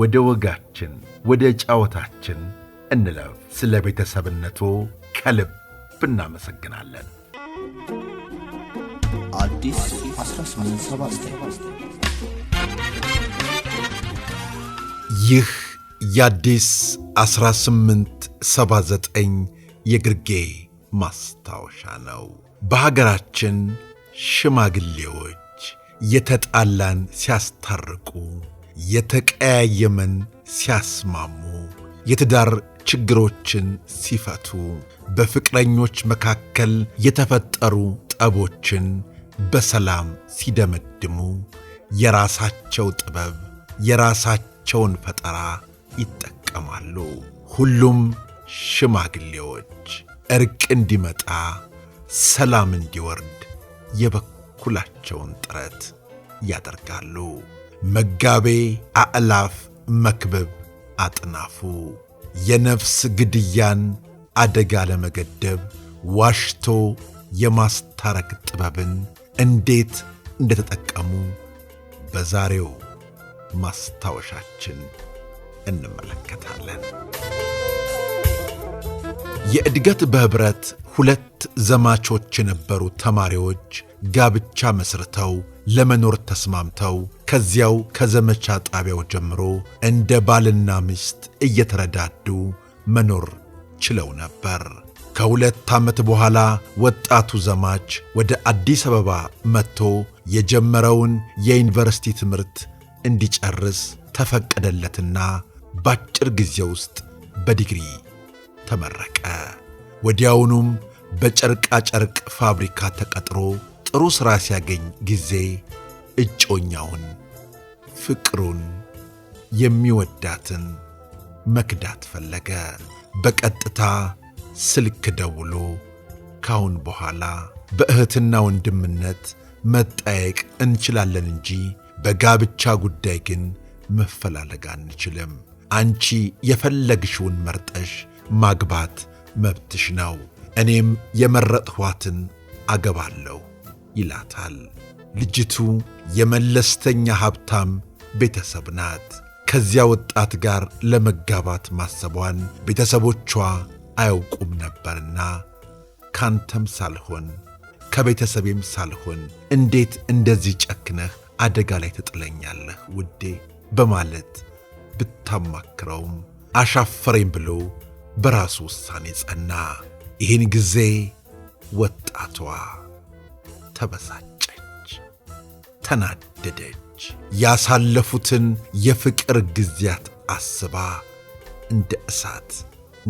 ወደ ወጋችን ወደ ጫወታችን እንለፍ። ስለ ቤተሰብነቱ ከልብ እናመሰግናለን። ይህ የአዲስ 1879 የግርጌ ማስታወሻ ነው። በሀገራችን ሽማግሌዎች የተጣላን ሲያስታርቁ የተቀያየመን ሲያስማሙ፣ የትዳር ችግሮችን ሲፈቱ፣ በፍቅረኞች መካከል የተፈጠሩ ጠቦችን በሰላም ሲደመድሙ፣ የራሳቸው ጥበብ የራሳቸውን ፈጠራ ይጠቀማሉ። ሁሉም ሽማግሌዎች እርቅ እንዲመጣ ሰላም እንዲወርድ የበኩላቸውን ጥረት ያደርጋሉ። መጋቤ አዕላፍ መክብብ አጥናፉ የነፍስ ግድያን አደጋ ለመገደብ ዋሽቶ የማስታረክ ጥበብን እንዴት እንደተጠቀሙ በዛሬው ማስታወሻችን እንመለከታለን። የእድገት በኅብረት ሁለት ዘማቾች የነበሩ ተማሪዎች ጋብቻ መስርተው ለመኖር ተስማምተው ከዚያው ከዘመቻ ጣቢያው ጀምሮ እንደ ባልና ሚስት እየተረዳዱ መኖር ችለው ነበር። ከሁለት ዓመት በኋላ ወጣቱ ዘማች ወደ አዲስ አበባ መጥቶ የጀመረውን የዩኒቨርሲቲ ትምህርት እንዲጨርስ ተፈቀደለትና በአጭር ጊዜ ውስጥ በዲግሪ ተመረቀ። ወዲያውኑም በጨርቃ ጨርቅ ፋብሪካ ተቀጥሮ ጥሩ ሥራ ሲያገኝ ጊዜ እጮኛውን ፍቅሩን የሚወዳትን መክዳት ፈለገ። በቀጥታ ስልክ ደውሎ ካሁን በኋላ በእህትና ወንድምነት መጠየቅ እንችላለን እንጂ በጋብቻ ጉዳይ ግን መፈላለግ አንችልም። አንቺ የፈለግሽውን መርጠሽ ማግባት መብትሽ ነው፣ እኔም የመረጥኋትን አገባለሁ ይላታል። ልጅቱ የመለስተኛ ሀብታም ቤተሰብ ናት። ከዚያ ወጣት ጋር ለመጋባት ማሰቧን ቤተሰቦቿ አያውቁም ነበርና ካንተም ሳልሆን ከቤተሰቤም ሳልሆን እንዴት እንደዚህ ጨክነህ አደጋ ላይ ትጥለኛለህ ውዴ በማለት ብታማክረውም አሻፈረኝ ብሎ በራሱ ውሳኔ ጸና። ይህን ጊዜ ወጣቷ ተበሳጨች፣ ተናደደች። ያሳለፉትን የፍቅር ጊዜያት አስባ እንደ እሳት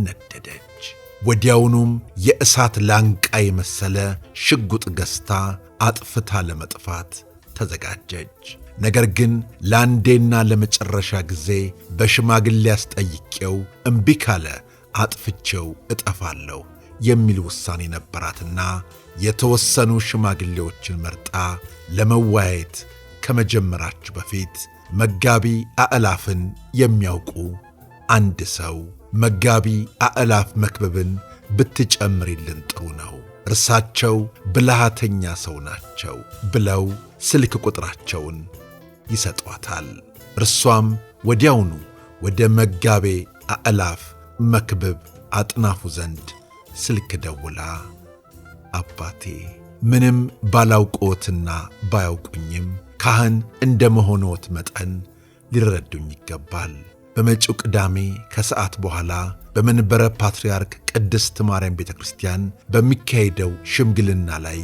ነደደች። ወዲያውኑም የእሳት ላንቃ የመሰለ ሽጉጥ ገዝታ አጥፍታ ለመጥፋት ተዘጋጀች። ነገር ግን ለአንዴና ለመጨረሻ ጊዜ በሽማግሌ አስጠይቄው እምቢ ካለ አጥፍቼው እጠፋለሁ የሚል ውሳኔ ነበራትና የተወሰኑ ሽማግሌዎችን መርጣ ለመወያየት ከመጀመራችሁ በፊት መጋቢ አዕላፍን የሚያውቁ አንድ ሰው መጋቢ አዕላፍ መክበብን ብትጨምሪልን ጥሩ ነው፣ እርሳቸው ብልሃተኛ ሰው ናቸው ብለው ስልክ ቁጥራቸውን ይሰጧታል። እርሷም ወዲያውኑ ወደ መጋቤ አዕላፍ መክብብ አጥናፉ ዘንድ ስልክ ደውላ አባቴ ምንም ባላውቆትና ባያውቁኝም ካህን እንደ መሆኖት መጠን ሊረዱኝ ይገባል። በመጪው ቅዳሜ ከሰዓት በኋላ በመንበረ ፓትርያርክ ቅድስት ማርያም ቤተ ክርስቲያን በሚካሄደው ሽምግልና ላይ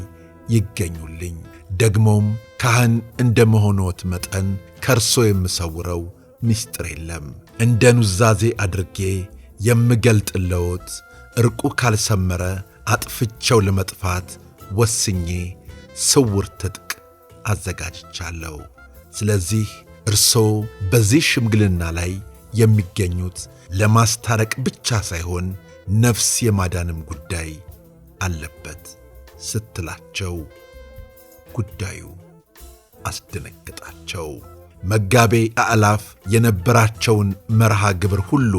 ይገኙልኝ። ደግሞም ካህን እንደ መሆኖት መጠን ከእርሶ የምሰውረው ምስጢር የለም። እንደ ኑዛዜ አድርጌ የምገልጥለዎት ዕርቁ ካልሰመረ አጥፍቸው ለመጥፋት ወስኜ ስውር ትጥቅ አዘጋጅቻለሁ። ስለዚህ እርሶ በዚህ ሽምግልና ላይ የሚገኙት ለማስታረቅ ብቻ ሳይሆን ነፍስ የማዳንም ጉዳይ አለበት ስትላቸው ጉዳዩ አስደነግጣቸው። መጋቤ አዕላፍ የነበራቸውን መርሃ ግብር ሁሉ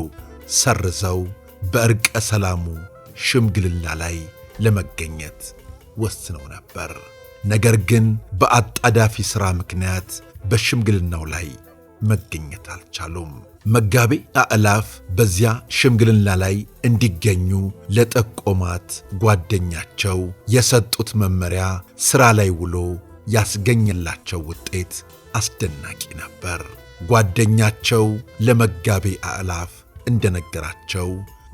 ሰርዘው በእርቀ ሰላሙ ሽምግልና ላይ ለመገኘት ወስነው ነበር። ነገር ግን በአጣዳፊ ሥራ ምክንያት በሽምግልናው ላይ መገኘት አልቻሉም። መጋቤ አእላፍ በዚያ ሽምግልና ላይ እንዲገኙ ለጠቆማት ጓደኛቸው የሰጡት መመሪያ ሥራ ላይ ውሎ ያስገኝላቸው ውጤት አስደናቂ ነበር። ጓደኛቸው ለመጋቤ አእላፍ እንደነገራቸው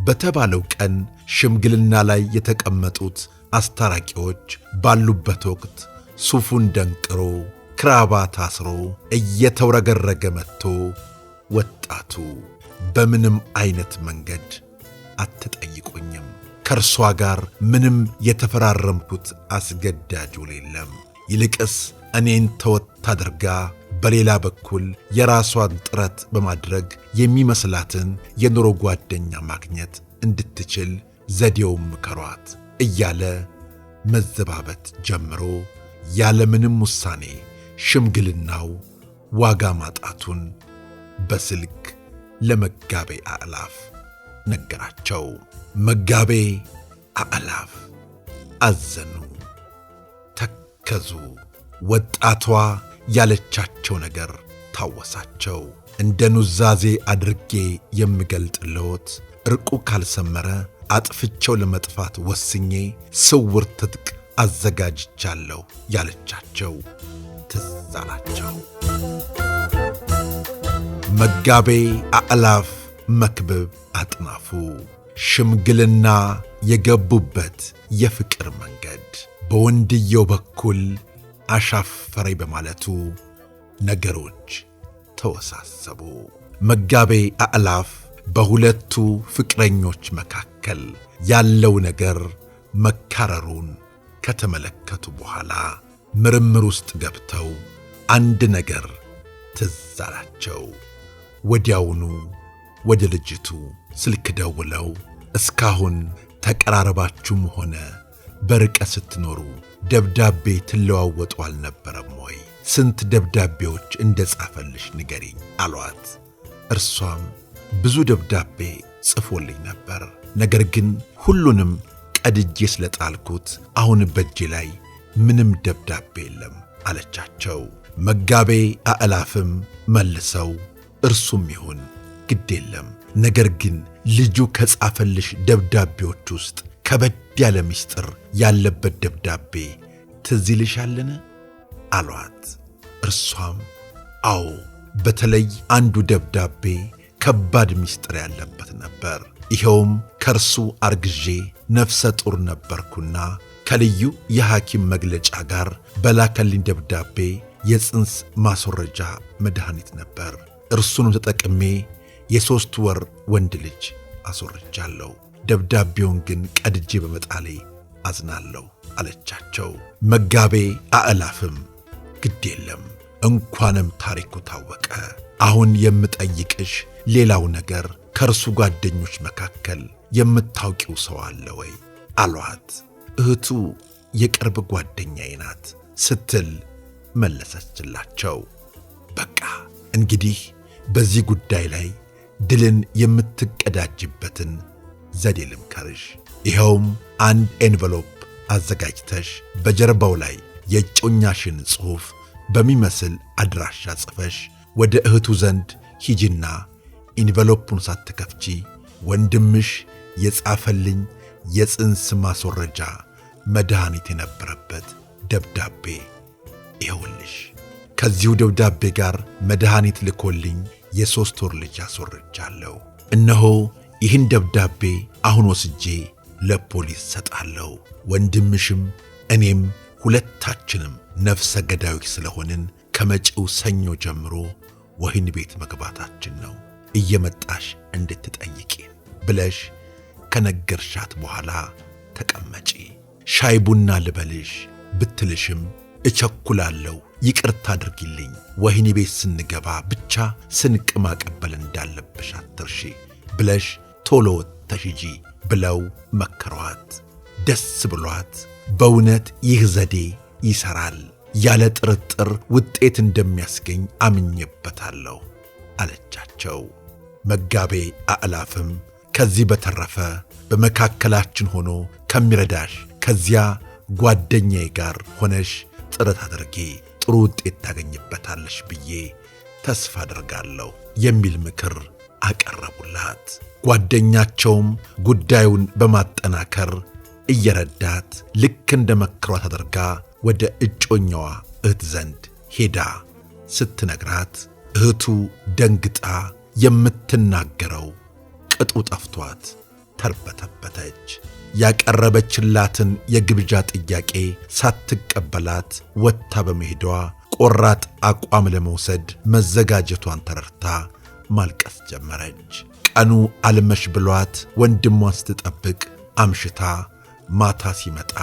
በተባለው ቀን ሽምግልና ላይ የተቀመጡት አስታራቂዎች ባሉበት ወቅት ሱፉን ደንቅሮ ክራባት አስሮ እየተውረገረገ መጥቶ ወጣቱ በምንም አይነት መንገድ አትጠይቁኝም፣ ከእርሷ ጋር ምንም የተፈራረምኩት አስገዳጅ ውል የለም፣ ይልቅስ እኔን ተወት አድርጋ በሌላ በኩል የራሷን ጥረት በማድረግ የሚመስላትን የኑሮ ጓደኛ ማግኘት እንድትችል ዘዴውም ምከሯት እያለ መዘባበት ጀምሮ ያለምንም ውሳኔ ሽምግልናው ዋጋ ማጣቱን በስልክ ለመጋቤ አዕላፍ ነገራቸው። መጋቤ አዕላፍ አዘኑ፣ ተከዙ። ወጣቷ ያለቻቸው ነገር ታወሳቸው። እንደ ኑዛዜ አድርጌ የምገልጥልዎት ርቁ ካልሰመረ አጥፍቼው ለመጥፋት ወስኜ ስውር ትጥቅ አዘጋጅቻለሁ ያለቻቸው ትዝ አላቸው። መጋቤ አዕላፍ መክብብ አጥናፉ ሽምግልና የገቡበት የፍቅር መንገድ በወንድየው በኩል አሻፈረኝ በማለቱ ነገሮች ተወሳሰቡ። መጋቤ አዕላፍ በሁለቱ ፍቅረኞች መካከል ያለው ነገር መካረሩን ከተመለከቱ በኋላ ምርምር ውስጥ ገብተው አንድ ነገር ትዝ አላቸው። ወዲያውኑ ወደ ልጅቱ ስልክ ደውለው እስካሁን ተቀራረባችሁም ሆነ በርቀ ስትኖሩ ደብዳቤ ትለዋወጡ አልነበረም ወይ? ስንት ደብዳቤዎች እንደ ጻፈልሽ ንገሪኝ አሏት። እርሷም ብዙ ደብዳቤ ጽፎልኝ ነበር። ነገር ግን ሁሉንም ቀድጄ ስለጣልኩት አሁን በእጄ ላይ ምንም ደብዳቤ የለም አለቻቸው። መጋቤ አእላፍም መልሰው እርሱም ይሁን ግድ የለም ነገር ግን ልጁ ከጻፈልሽ ደብዳቤዎች ውስጥ ከበድ ያለ ምስጢር ያለበት ደብዳቤ ትዝ ይልሻልን? አሏት። እርሷም አዎ፣ በተለይ አንዱ ደብዳቤ ከባድ ምስጢር ያለበት ነበር። ይኸውም ከእርሱ አርግዤ ነፍሰ ጡር ነበርኩና ከልዩ የሐኪም መግለጫ ጋር በላከልኝ ደብዳቤ የጽንስ ማስወረጃ መድኃኒት ነበር። እርሱንም ተጠቅሜ የሦስት ወር ወንድ ልጅ አስወርጃለሁ። ደብዳቤውን ግን ቀድጄ በመጣሌ አዝናለሁ አለቻቸው። መጋቤ አእላፍም ግድ የለም እንኳንም ታሪኩ ታወቀ አሁን የምጠይቅሽ ሌላው ነገር ከእርሱ ጓደኞች መካከል የምታውቂው ሰው አለ ወይ አሏት። እህቱ የቅርብ ጓደኛዬ ናት ስትል መለሰችላቸው። በቃ እንግዲህ በዚህ ጉዳይ ላይ ድልን የምትቀዳጅበትን ዘዴ ልምከርሽ። ይኸውም አንድ ኤንቨሎፕ አዘጋጅተሽ በጀርባው ላይ የእጮኛሽን ጽሑፍ በሚመስል አድራሻ ጽፈሽ ወደ እህቱ ዘንድ ሂጂና ኢንቨሎፑን ሳትከፍቺ ወንድምሽ የጻፈልኝ የጽንስ ማስወረጃ መድኃኒት የነበረበት ደብዳቤ ይኸውልሽ፣ ከዚሁ ደብዳቤ ጋር መድኃኒት ልኮልኝ የሦስት ወር ልጅ አስወርጃለሁ። እነሆ ይህን ደብዳቤ አሁን ወስጄ ለፖሊስ ሰጣለሁ። ወንድምሽም እኔም ሁለታችንም ነፍሰ ገዳዮች ስለሆንን ከመጪው ሰኞ ጀምሮ ወህኒ ቤት መግባታችን ነው እየመጣሽ እንድትጠይቂ ብለሽ ከነገርሻት በኋላ ተቀመጪ፣ ሻይ ቡና ልበልሽ ብትልሽም እቸኩላለሁ፣ ይቅርታ አድርጊልኝ፣ ወህኒ ቤት ስንገባ ብቻ ስንቅ ማቀበል እንዳለብሽ አትርሺ ብለሽ ቶሎ ወጥተሽ ሂጂ ብለው መከሯት። ደስ ብሏት በእውነት ይህ ዘዴ ይሠራል ያለ ጥርጥር ውጤት እንደሚያስገኝ አምኜበታለሁ አለቻቸው። መጋቤ አዕላፍም ከዚህ በተረፈ በመካከላችን ሆኖ ከሚረዳሽ ከዚያ ጓደኛዬ ጋር ሆነሽ ጥረት አድርጊ፣ ጥሩ ውጤት ታገኝበታለሽ ብዬ ተስፋ አድርጋለሁ የሚል ምክር አቀረቡላት። ጓደኛቸውም ጉዳዩን በማጠናከር እየረዳት ልክ እንደ መክሯት አድርጋ ወደ እጮኛዋ እህት ዘንድ ሄዳ ስትነግራት እህቱ ደንግጣ የምትናገረው ቅጡ ጠፍቷት ተርበተበተች። ያቀረበችላትን የግብዣ ጥያቄ ሳትቀበላት ወጥታ በመሄዷ ቆራጥ አቋም ለመውሰድ መዘጋጀቷን ተረድታ ማልቀስ ጀመረች። ቀኑ አልመሽ ብሏት ወንድሟን ስትጠብቅ አምሽታ ማታ ሲመጣ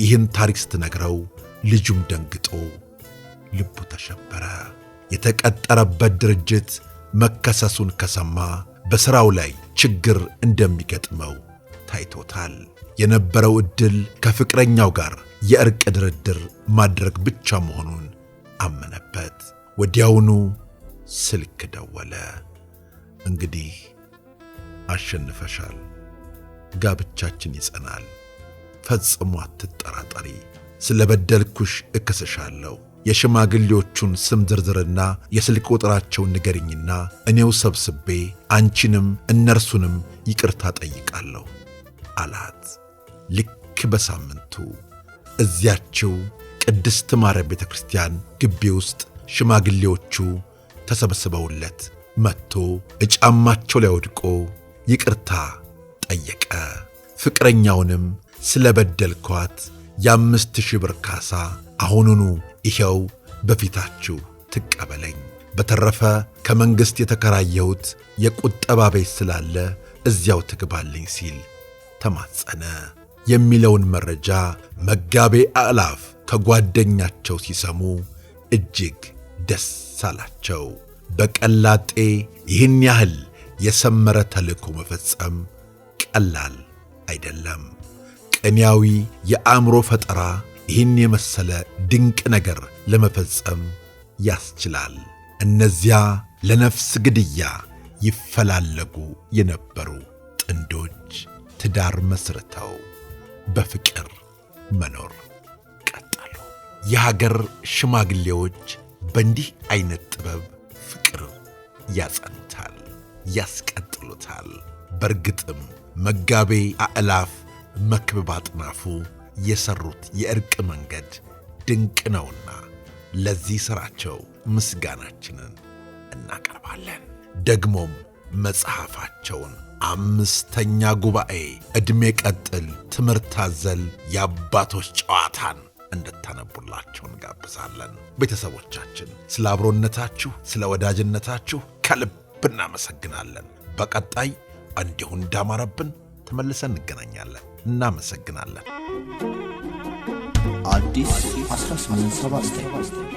ይህን ታሪክ ስትነግረው ልጁም ደንግጦ ልቡ ተሸበረ። የተቀጠረበት ድርጅት መከሰሱን ከሰማ በሥራው ላይ ችግር እንደሚገጥመው ታይቶታል። የነበረው ዕድል ከፍቅረኛው ጋር የእርቅ ድርድር ማድረግ ብቻ መሆኑን አመነበት። ወዲያውኑ ስልክ ደወለ። እንግዲህ አሸንፈሻል፣ ጋብቻችን ይጸናል ፈጽሞ አትጠራጠሪ። ስለ በደልኩሽ እከሰሻለሁ። የሽማግሌዎቹን ስም ዝርዝርና የስልክ ቁጥራቸውን ንገርኝና እኔው ሰብስቤ አንቺንም እነርሱንም ይቅርታ ጠይቃለሁ አላት። ልክ በሳምንቱ እዚያችው ቅድስት ማርያም ቤተ ክርስቲያን ግቢ ውስጥ ሽማግሌዎቹ ተሰብስበውለት መጥቶ እጫማቸው ላይ ወድቆ ይቅርታ ጠየቀ። ፍቅረኛውንም ስለ በደልኳት የአምስት ሺህ ብር ካሳ አሁኑኑ ይኸው በፊታችሁ ትቀበለኝ። በተረፈ ከመንግሥት የተከራየሁት የቁጠባ ቤት ስላለ እዚያው ትግባልኝ ሲል ተማጸነ የሚለውን መረጃ መጋቤ አእላፍ ከጓደኛቸው ሲሰሙ እጅግ ደስ አላቸው። በቀላጤ ይህን ያህል የሰመረ ተልዕኮ መፈጸም ቀላል አይደለም። ቀንያዊ የአእምሮ ፈጠራ ይህን የመሰለ ድንቅ ነገር ለመፈጸም ያስችላል። እነዚያ ለነፍስ ግድያ ይፈላለጉ የነበሩ ጥንዶች ትዳር መስርተው በፍቅር መኖር ቀጠሉ። የሀገር ሽማግሌዎች በእንዲህ አይነት ጥበብ ፍቅር ያጸኑታል፣ ያስቀጥሉታል። በእርግጥም መጋቤ አእላፍ መክብብ አጥናፉ የሰሩት የእርቅ መንገድ ድንቅ ነውና ለዚህ ሥራቸው ምስጋናችንን እናቀርባለን። ደግሞም መጽሐፋቸውን አምስተኛ ጉባኤ ዕድሜ ቀጥል ትምህርት አዘል የአባቶች ጨዋታን እንድታነቡላቸው እንጋብዛለን። ቤተሰቦቻችን ስለ አብሮነታችሁ፣ ስለ ወዳጅነታችሁ ከልብ እናመሰግናለን። በቀጣይ እንዲሁ እንዳማረብን ተመልሰን እንገናኛለን። እናመሰግናለን። አዲስ 1879